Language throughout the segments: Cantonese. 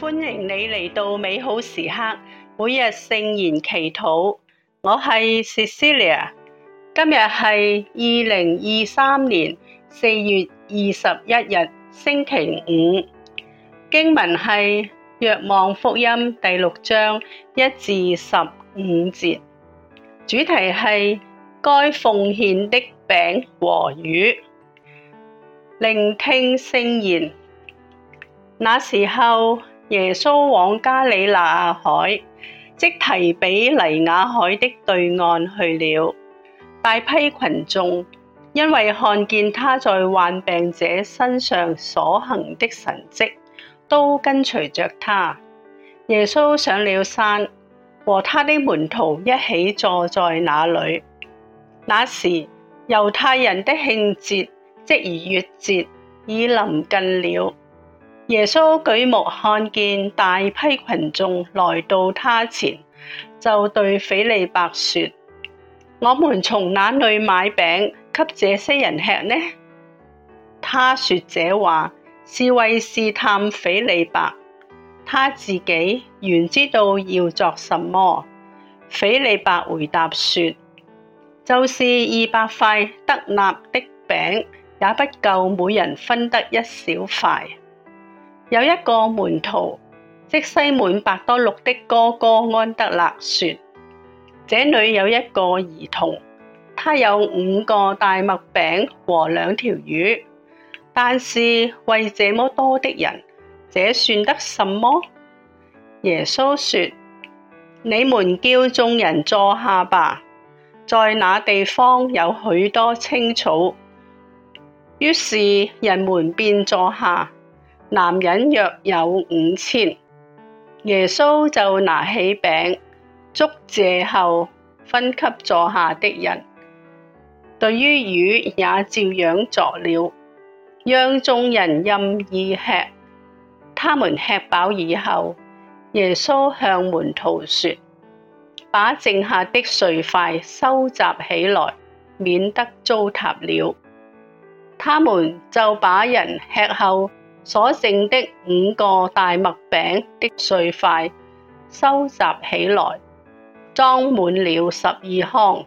歡迎你嚟到美好時刻，每日聖言祈禱。我係 Cecilia，今日係二零二三年四月二十一日星期五。經文係《若望福音》第六章一至十五節，主題係該奉獻的餅和魚。聆聽聖言，那時候。耶穌往加里肋亞海，即提庇黎雅海的對岸去了。大批群眾，因為看見他在患病者身上所行的神蹟，都跟隨着他。耶穌上了山，和他的門徒一起坐在那裡。那時，猶太人的慶節，即逾越節，已臨近了。耶穌舉目看見大批群眾來到他前，就對斐理伯說：我們從哪裡買餅給這些人吃呢？他說這話是為試探斐理伯，他自己原知道要作什麼。斐理伯回答說：就是二百塊德納的餅也不夠，每人分得一小塊。有一個門徒，即西滿伯多祿的哥哥安德肋，說：這裡有一個兒童，他有五個大麥餅和兩條魚，但是為這麼多的人，這算得什麼？耶穌說：你們叫眾人坐下吧。在那地方有許多青草。於是人們便坐下。男人約有五千，耶穌就拿起餅，祝謝後，分給坐下的人。對於魚也照樣作了，讓眾人任意吃。他們吃飽以後，耶穌向門徒說：把剩下的碎塊收集起來，免得糟蹋了。他們就把人吃後。所剩的五個大麥餅的碎塊，收集起來，裝滿了十二筐。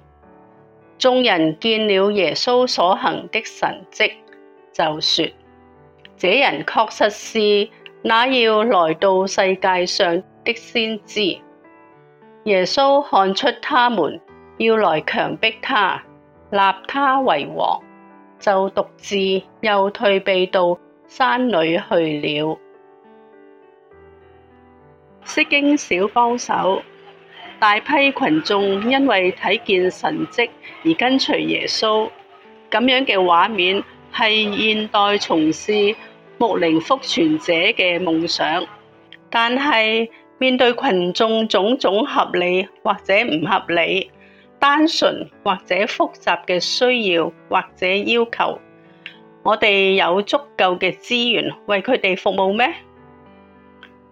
眾人見了耶穌所行的神跡，就說：這人確實是那要來到世界上的先知。耶穌看出他們要來強迫他，立他為王，就獨自又退避到，山裏去了。釋經小幫手，大批群眾因為睇見神蹟而跟隨耶穌，咁樣嘅畫面係現代從事牧靈福傳者嘅夢想。但係面對群眾種種合理或者唔合理、單純或者複雜嘅需要或者要求，我哋有足夠嘅資源為佢哋服務咩？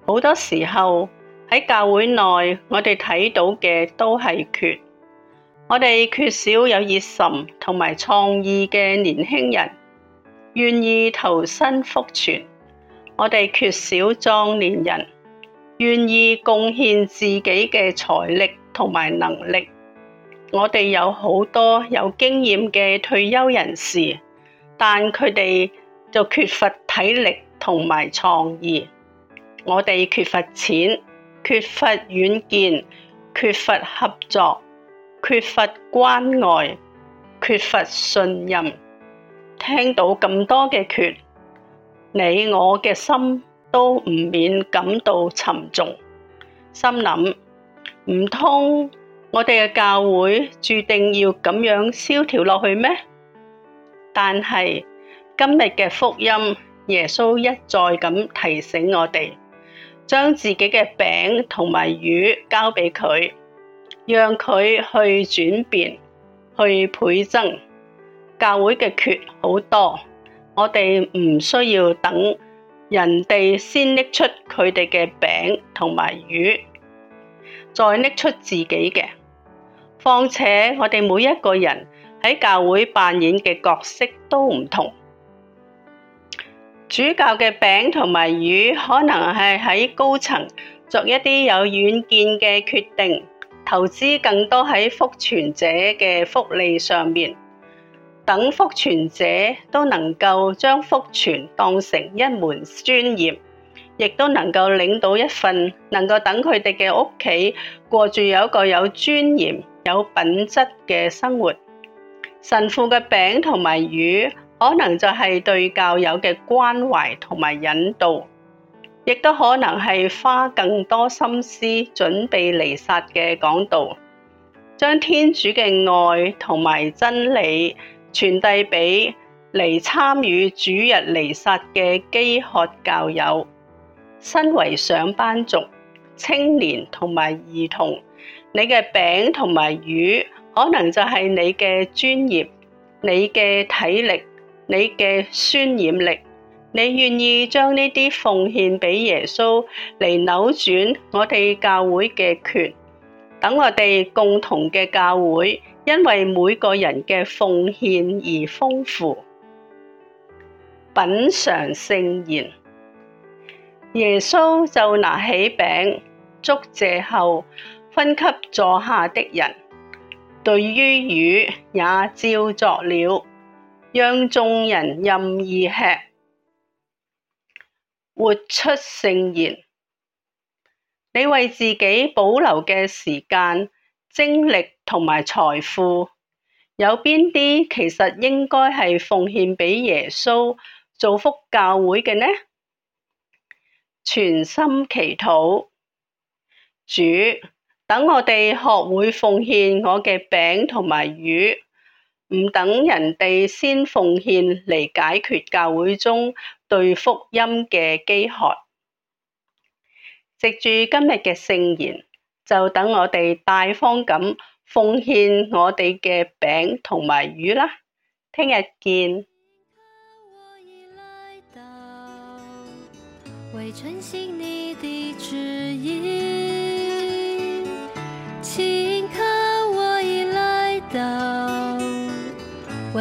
好多時候喺教會內，我哋睇到嘅都係缺。我哋缺少有熱忱同埋創意嘅年輕人，願意投身福傳。我哋缺少壯年人，願意貢獻自己嘅財力同埋能力。我哋有好多有經驗嘅退休人士。但佢哋就缺乏體力同埋創意，我哋缺乏錢，缺乏遠見，缺乏合作，缺乏關愛，缺乏信任。聽到咁多嘅缺，你我嘅心都唔免感到沉重，心諗唔通我哋嘅教會注定要咁樣蕭條落去咩？但係今日嘅福音，耶穌一再咁提醒我哋，將自己嘅餅同埋魚交俾佢，讓佢去轉變、去倍增。教會嘅缺好多，我哋唔需要等人哋先拎出佢哋嘅餅同埋魚，再拎出自己嘅。況且我哋每一個人。喺教會扮演嘅角色都唔同，主教嘅餅同埋魚可能係喺高層作一啲有遠見嘅決定，投資更多喺福傳者嘅福利上面，等福傳者都能夠將福傳當成一門專業，亦都能夠領到一份能夠等佢哋嘅屋企過住有一個有尊嚴、有品質嘅生活。神父嘅餅同埋魚，可能就係對教友嘅關懷同埋引導，亦都可能係花更多心思準備彌撒嘅講道，將天主嘅愛同埋真理傳遞俾嚟參與主日彌撒嘅飢渴教友。身為上班族、青年同埋兒童，你嘅餅同埋魚，可能就係你嘅專業，你嘅體力，你嘅渲染力，你願意將呢啲奉獻畀耶穌嚟扭轉我哋教會嘅缺，等我哋共同嘅教會，因為每個人嘅奉獻而豐富，品嘗聖言。耶穌就拿起餅，祝謝後，分給坐下的人。對於魚也照作了，讓眾人任意吃。活出聖言。你為自己保留嘅時間、精力同埋財富，有邊啲其實應該係奉獻俾耶穌，造福教會嘅呢？全心祈禱，主。等我哋學會奉獻我嘅餅同埋魚，唔等人哋先奉獻嚟解決教會中對福音嘅飢渴。藉住今日嘅聖言，就等我哋大方咁奉獻我哋嘅餅同埋魚啦。聽日見。